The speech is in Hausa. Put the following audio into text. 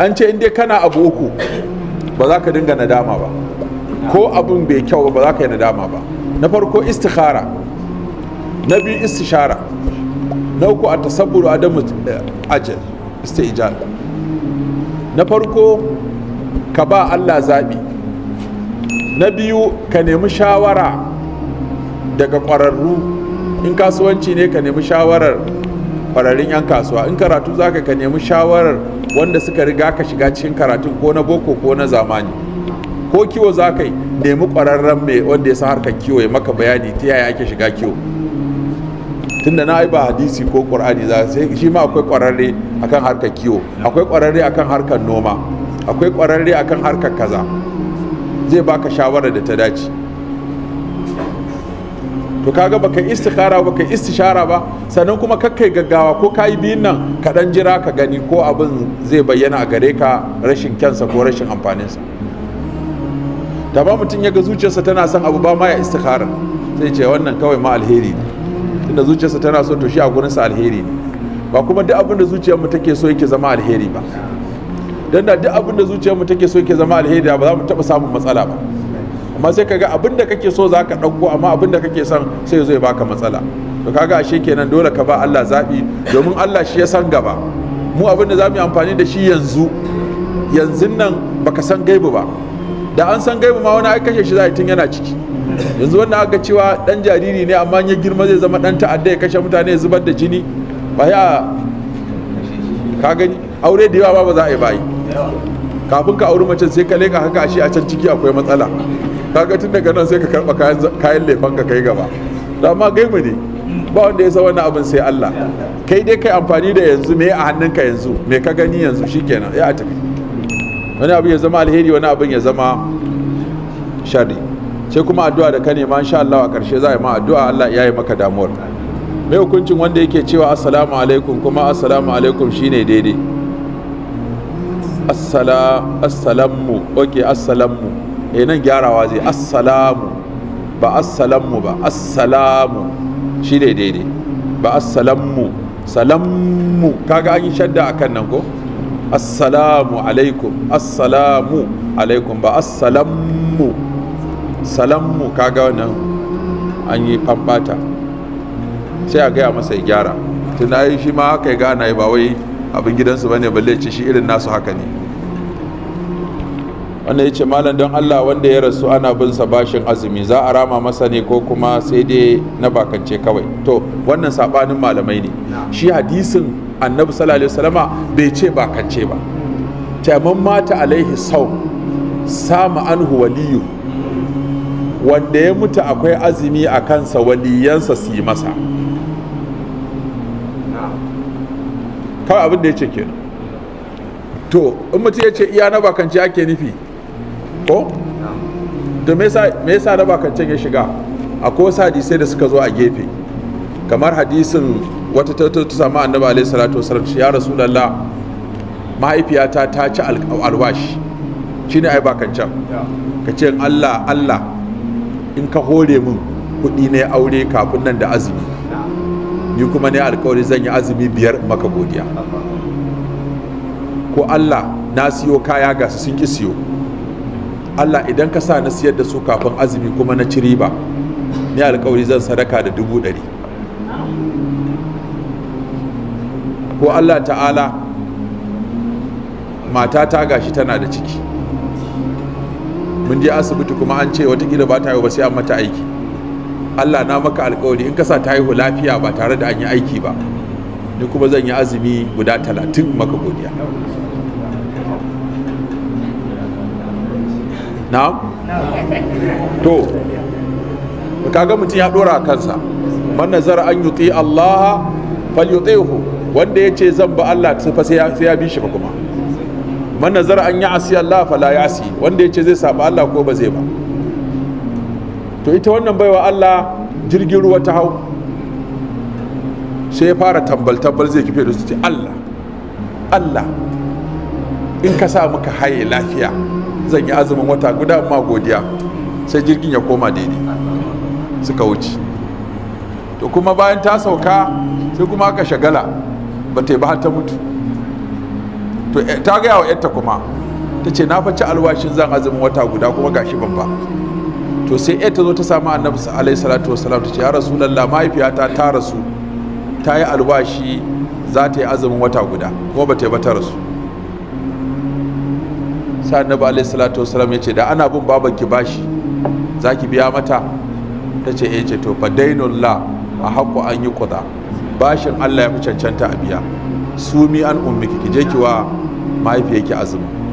an ce in dai kana abu uku ba za ka dinga nadama ba ko abin bai kyau ba za ka yi nadama ba na farko istikhara na biyu istishara na uku a tasabburu adamu eh, ajiyar istijal na farko ka ba Allah zaɓi na biyu ka nemi shawara daga ƙwararru in kasuwanci ne ka nemi shawarar fararin 'yan kasuwa in karatu za ka nemi shawarar wanda suka riga ka shiga cikin karatun ko na boko ko na zamani ko kiwo za ka nemi kwararren mai wanda ya sa harkar kiwo ya maka bayani ta yaya ake shiga kiwo tunda na ai ba hadisi ko qur'ani za sai shi ma akwai kwararre akan harkar kiwo akwai kwararre akan harkar noma akwai kwararre akan harkar kaza zai baka shawara da ta dace to kaga baka istikhara baka istishara ba sannan kuma kakkai gaggawa ko kayi biyun nan ka dan jira ka gani ko abin zai bayyana a gare ka rashin kyansa ko rashin amfaninsa Ta ba mutum ya ga zuciyarsa tana son abu ba ma ya istikhara sai ce wannan kawai ma alheri ne tunda zuciyarsa tana so to shi a gurinsa alheri ne ba kuma duk abin da zuciyarmu take so yake zama alheri ba dan da duk abin da zuciyarmu take so yake zama alheri ba za mu taɓa samun matsala ba amma sai kaga abin da kake so zaka ɗauko amma abin da kake son sai zai baka matsala to kaga ashe kenan dole ka ba Allah zaɓi domin Allah shi ya san gaba mu abin da zamu yi amfani da shi yanzu yanzu nan baka san gaibu ba da an san gaibu ma wani ai kashe shi za tun yana ciki yanzu wannan aka cewa dan jariri ne amma ya girma zai zama dan ta'adda ya kashe mutane ya zubar da jini ba ya ka gani aure da yawa ba za a yi bayi kafin ka auri mace sai ka leka haka ashe a can ciki akwai matsala kaga tun daga nan sai ka karba kayan leɓen ka kai gaba Amma gaimu ne ba wanda ya san wannan abin sai Allah kai dai kai amfani da yanzu me a hannunka yanzu me ka gani yanzu shikenan ya tafi wani abu ya zama alheri wani abin ya zama shari sai kuma addu'a da ka nema insha Allah a karshe za a yi ma addu'a Allah ya yi maka damuwar mai hukuncin wanda yake cewa assalamu alaikum kuma assalamu alaikum shine daidai assalamu Ok assalamu E nan gyarawa zai assalamu ba assalamu ba assalamu shi ne daidai ba assalamu salamu kaga an yi shadda akan nan ko assalamu alaikum assalamu alaikum ba assalamu salamu kaga wannan an yi fambata sai a gaya masa gyara tun shi ma haka ya gana ba wai abin gidansu bane balle ci shi irin nasu haka ne wanda ya ce malam don allah wanda ya rasu ana bin sa bashin azumi za a rama masa ne ko kuma sai dai na bakance kawai to wannan sabanin malamai ne shi hadisin annabi sallallahu alaihi wasallama bai ce bakance ba taman mata alaihi sau sama anhu waliyu wanda ya mutu akwai azumi a kansa waliyansa su yi masa kawai abin da ya ce kenan to in mutu ya ce iya na bakance ake nufi ko to me yasa na bakancen ya shiga akwai wasu hadisai da suka zo a gefe kamar hadisin wata ta samu annabi alaihi salatu wasallam ya rasulullah mahaifiyata ta ci alwashi shine ai kancan ka ce Allah Allah in ka hore min kuɗi ne aure kafin nan da azumi ni kuma ne alkawari zan yi azumi biyar maka godiya ko Allah na siyo kaya ga su sun ki siyo Allah idan ka sa na siyar da su kafin azumi kuma na ci riba ni alkawari zan sadaka da dubu ɗari ko Allah ta'ala mata ta gashi tana da ciki mun je asibiti kuma an ce watakila ba ta yi ba sai an mata aiki Allah na maka alkawari in ka sa ta haihu lafiya ba tare da an yi aiki ba ni kuma zan yi azumi guda talatin maka godiya na'am to kaga mutum ya dora kansa man zara an yuti Allah fal yutihu wanda yace zan ba Allah fa sai ya bi shi ba kuma man zara an asi Allah la ya'si wanda yace zai saba Allah ko ba zai ba to ita wannan baiwa Allah jirgin ruwa ta hau sai ya fara tambal tambal zai kife da su ce Allah Allah in ka sa muka haye lafiya zan yi azumin wata guda ma godiya sai jirgin ya koma daidai suka wuce to kuma bayan ta sauka sai kuma aka shagala ba ta yi ba ta mutu to eh, ta gaya wa yarta kuma ta ce na faci alwashin zan azumin wata guda kuma gashi ban ba to sai yarta zo ta samu annabi alaihi salatu wasalam ta ce ya rasulallah mahaifiyata ta rasu ta yi alwashi za ta yi azumin wata guda kuma ba ta yi ba ta rasu sa annabi alaihi salatu wasalam ya ce da ana bin baban ki bashi za ki biya mata ta ce eh ce to fa la a haƙƙo an yi kuda bashin allah ya fi cancanta a biya sumi an ummi ki je ki wa mahaifiyarki azumi